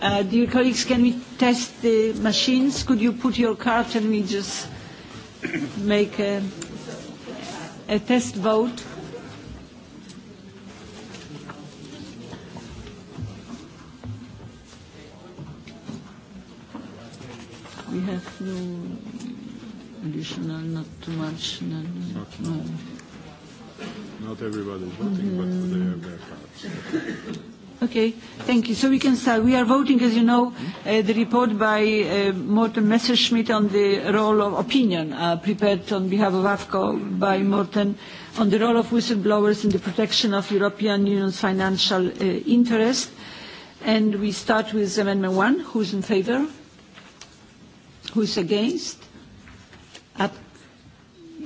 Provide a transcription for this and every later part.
Uh, dear colleagues, can we test the machines? Could you put your card and we just make a, a test vote? We have no additional, not too much. not, not everybody voting, but they have their cards. Okay, thank you. So we can start. We are voting, as you know, uh, the report by uh, Morten Messerschmidt on the role of opinion uh, prepared on behalf of AFCO by Morten on the role of whistleblowers in the protection of European Union's financial interest. And we start with Amendment 1. Who's in favor? Who's against?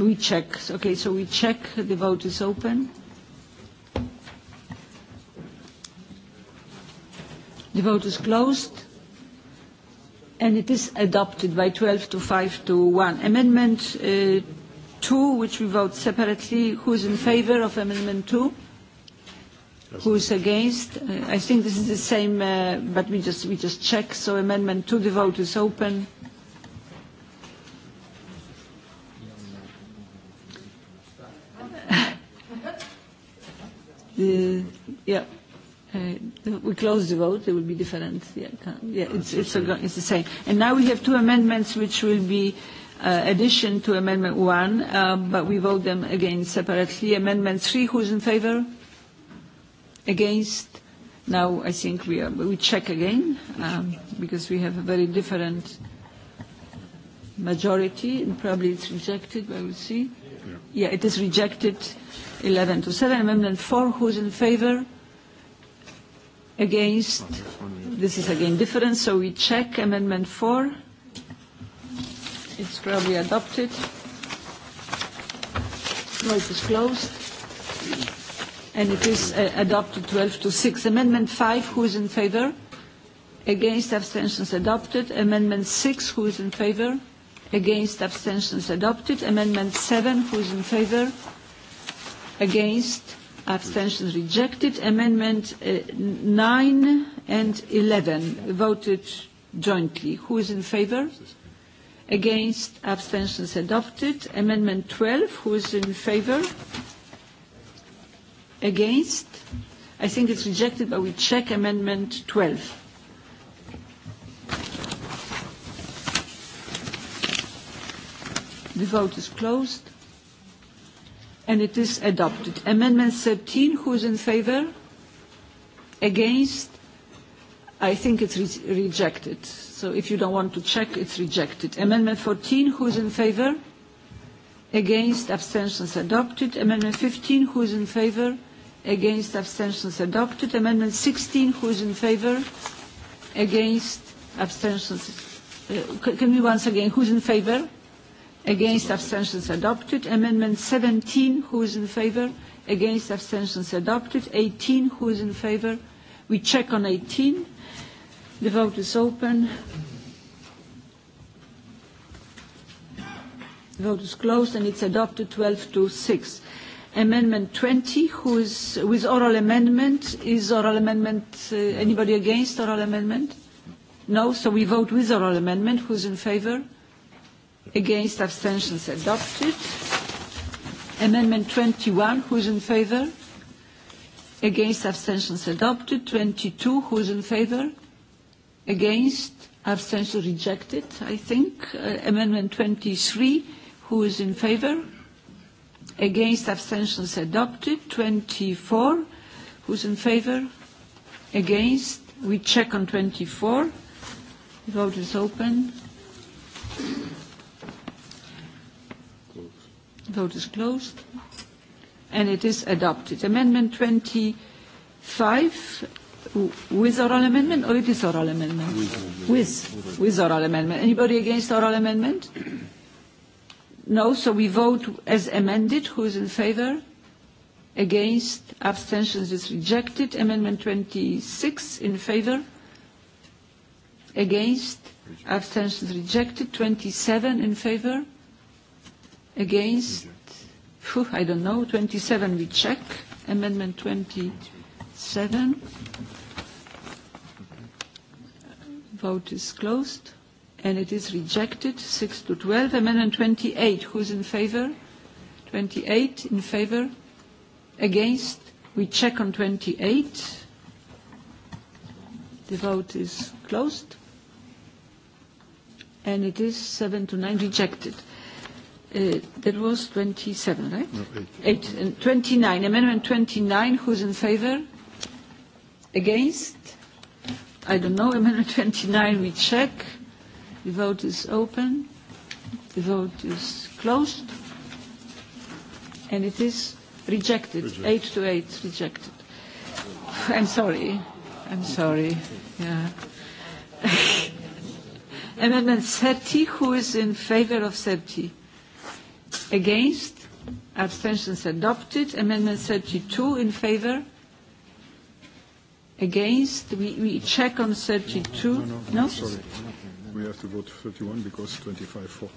We check. Okay, so we check. The vote is open. The vote is closed. And it is adopted by 12 to 5 to 1. Amendment uh, 2, which we vote separately. Who is in favor of Amendment 2? Who is against? Uh, I think this is the same, uh, but we just, we just check. So Amendment 2, the vote is open. yeah. Uh, we close the vote. It will be different. Yeah, yeah it's, it's, a, it's the same. And now we have two amendments which will be uh, addition to Amendment 1, uh, but we vote them again separately. Amendment 3, who's in favor? Against? Now I think we, are, we check again um, because we have a very different majority and probably it's rejected, but we'll see. Yeah, it is rejected 11 to 7. Amendment 4, who's in favor? Against? This is again different, so we check amendment 4. It's probably adopted. Vote is closed. And it is uh, adopted 12 to 6. Amendment 5, who is in favor? Against abstentions adopted. Amendment 6, who is in favor? Against abstentions adopted. Amendment 7, who is in favor? Against abstentions rejected. Amendment 9 uh, and 11 voted jointly. Who is in favor? Against, abstentions adopted. Amendment 12, who is in favor? Against? I think it's rejected, but we check Amendment 12. The vote is closed and it is adopted. Amendment 13, who is in favor? Against? I think it's re rejected. So if you don't want to check, it's rejected. Amendment 14, who is in favor? Against? Abstentions adopted. Amendment 15, who is in favor? Against? Abstentions adopted. Amendment 16, who is in favor? Against? Abstentions. Uh, can we once again, who's in favor? against abstentions adopted amendment 17 who is in favour against abstentions adopted 18 who is in favour we check on 18 the vote is open the vote is closed and it's adopted 12 to 6 amendment 20 who is with oral amendment is oral amendment uh, anybody against oral amendment no so we vote with oral amendment who is in favour against abstentions adopted amendment 21 who is in favor against abstentions adopted 22 who is in favor against abstentions rejected i think uh, amendment 23 who is in favor against abstentions adopted 24 who is in favor against we check on 24 the vote is open Vote is closed. And it is adopted. Amendment 25 with oral amendment or it is oral amendment? With. With, oral amendment. Anybody against oral amendment? No, so we vote as amended. Who is in favor? Against? Abstentions is rejected. Amendment 26 in favor? Against? Abstentions rejected. 27 in favor? Against? Phew, I don't know. 27 we check. Amendment 27. Vote is closed and it is rejected. 6 to 12. Amendment 28. Who's in favor? 28 in favor? Against? We check on 28. The vote is closed. And it is 7 to 9 rejected. There uh, that was 27, right? No, eight. Eight, 29. Uh, Amendment 29, who's in favor? Against? I don't know. Amendment 29, we check. The vote is open. The vote is closed. And it is rejected. rejected. Eight to eight, rejected. I'm sorry. I'm sorry. Yeah. Amendment 30, who is in favor of 30? Against? Abstentions adopted. Amendment 32 in favor? Against? We, we check on 32. No? no, no, no? Sorry. We have to vote 31 because 25 fell.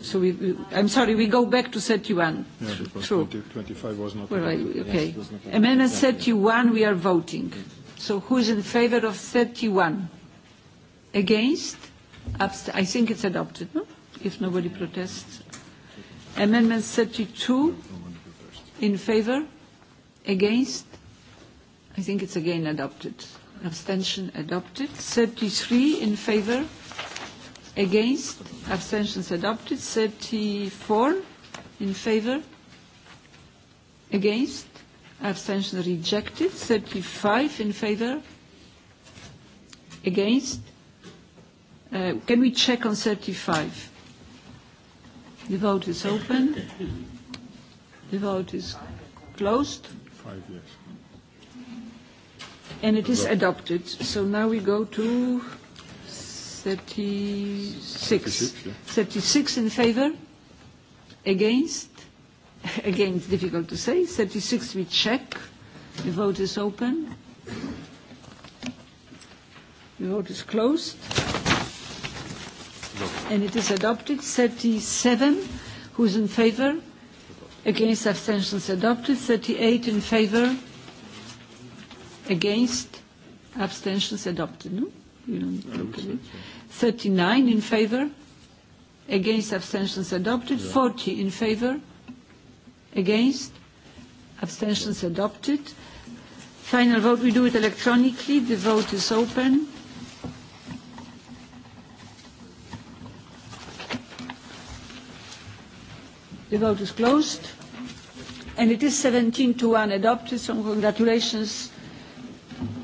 So we, we, I'm sorry, we go back to 31. Yeah, because True. 20, 25 was not. Right, okay. Yes, Amendment 31, we are voting. So who is in favor of 31? Against? I think it's adopted, no? If nobody protests. Amendment 32 in favor, against. I think it's again adopted. Abstention adopted. 33 in favor, against. Abstentions adopted. 34 in favor, against. Abstention rejected. 35 in favor, against. Uh, can we check on 35? The vote is open. The vote is closed. yes. And it is adopted. So now we go to 36. 36 in favor? Against? Against, difficult to say. 36 we check. The vote is open. The vote is closed and it is adopted. 37, who's in favor? Against abstentions adopted. 38 in favor. Against abstentions adopted. No? You don't look at it. 39 in favor. Against abstentions adopted. 40 in favor. Against abstentions adopted. Final vote, we do it electronically. The vote is open. The vote is closed. And it is 17 to 1 adopted. So congratulations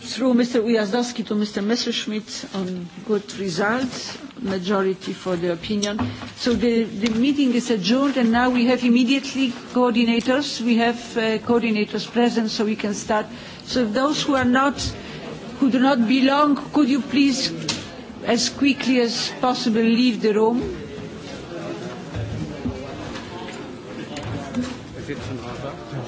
through Mr. Ujazdowski to Mr. Messerschmidt on good results, majority for the opinion. So the, the meeting is adjourned and now we have immediately coordinators. We have uh, coordinators present so we can start. So those who are not, who do not belong, could you please as quickly as possible leave the room? sitzen habe. Herr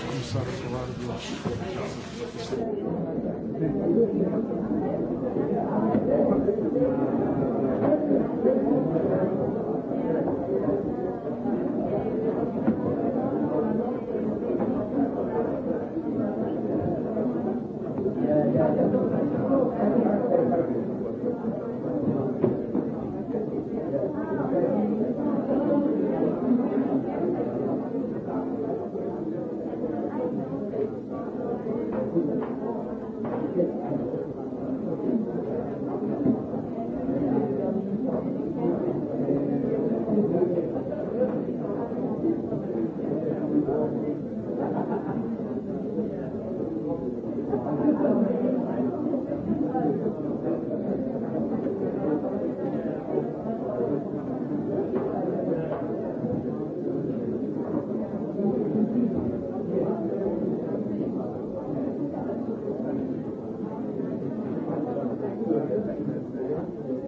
Kommissar,